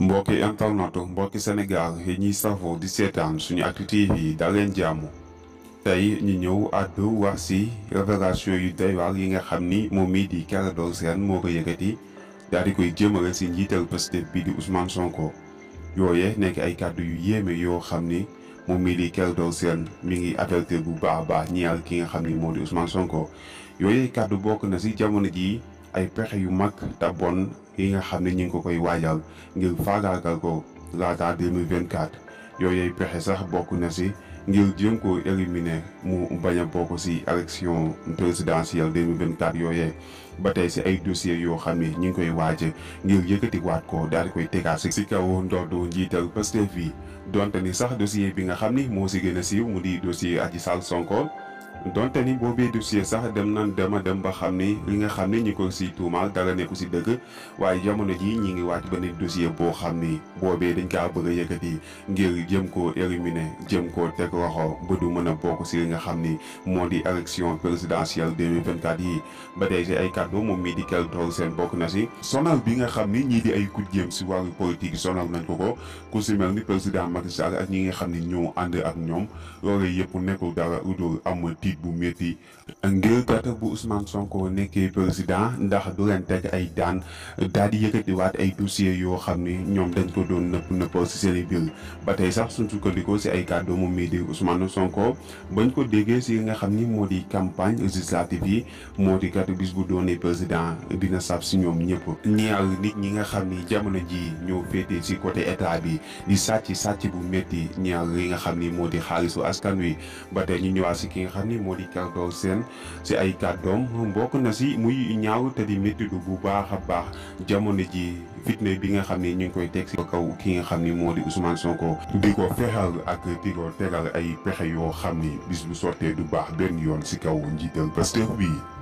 mbokki internaute mbokki Sénégal yi ñuy safoo di seetaan suñu Actu TV yi da leen jàmm tey ñu ñëw àddu wax si révélation yu doy yi nga xam ni moom mii di Clédor Sène moo ko yëkkati daal di koy jëmale si njiital Pastef bii di Ousmane Sonko yooye nekk ay kàddu yu yéeme yoo xam ni moom mii di Clédor Sène mi ngi avertir bu baax a baax ñeel ki nga xam ni moo di Ousmane Sonko yooye kàddu bokk na si jamono jii ay pexe yu mag te bon yi nga xam ne ñu ngi ko koy waajal ngir faagaagal ko laata 2024 yooyu ay pexe sax bokk na si ngir jéem koo éliminer mu bañ a bokk si élection présidentielle 2024 yooyee ba tey si ay dossiers yoo xam ne ñu ngi koy waaje ngir yëkkatiwaat ko daal di koy tegaat si kaw ndoddu njiital Pastef yi donte ni sax dossier bi nga xam ni moo si gën a siiw mu di dossier Adji Sarr Sonko donte ni boobee dossier sax dem nan dema dem ba xam ni li nga xam ne ñi ko si tuumaal dara nekku si dëgg waaye jamono ji ñi ngi ba beneen dossier boo xam ni boobee dañ kaa bëgg a yëkkati ngir jëm koo éliminer jëm koo teg loxo ba du mën a bokk si li nga xam ni moo di élection présidentielle 2024 yi ba tey si ay kàddu moom mii di Kell Tall Sène bokk na si sonal bi nga xam ni ñii di ay kujjeem si wàllu politique sonal nañ ko ko ku si ni président ñi nga xam ni ñoo ànd ak ñoom loolu yëpp nekkul dara tiit bu métti ngir gàtt bu Ousmane Sonko nekkee président ndax du leen teg ay daan daal di yëkkatiwaat ay dossiers yoo xam ni ñoom dañ ko doon nëpp nëppal si seen i biir ba tey sax suñ sukkandikoo si ay kàddu moom mii di Ousmane Sonko bañ ko déggee si nga xam ni moo di campagne législative yi moo di kat bis bu doonee président dina saf si ñoom ñëpp ñaar nit ñi nga xam ni jamono ji ñoo féete ci côté état bi di sàcc sàcc bu métti ñaar yi nga xam ni moo di xaalisu askan wi moo di Kakaw seen si ay kàddoom mbokk na si muy ñaaw te di métti bu baax a baax jamono ji fitna bi nga xam ni ñu ngi koy teg si kaw ki nga xam ni moo di Ousmane ko di ko fexal ak di ko tegal ay pexe yoo xam ni bis bu sottee du baax benn yoon si kaw njiital Pastef bi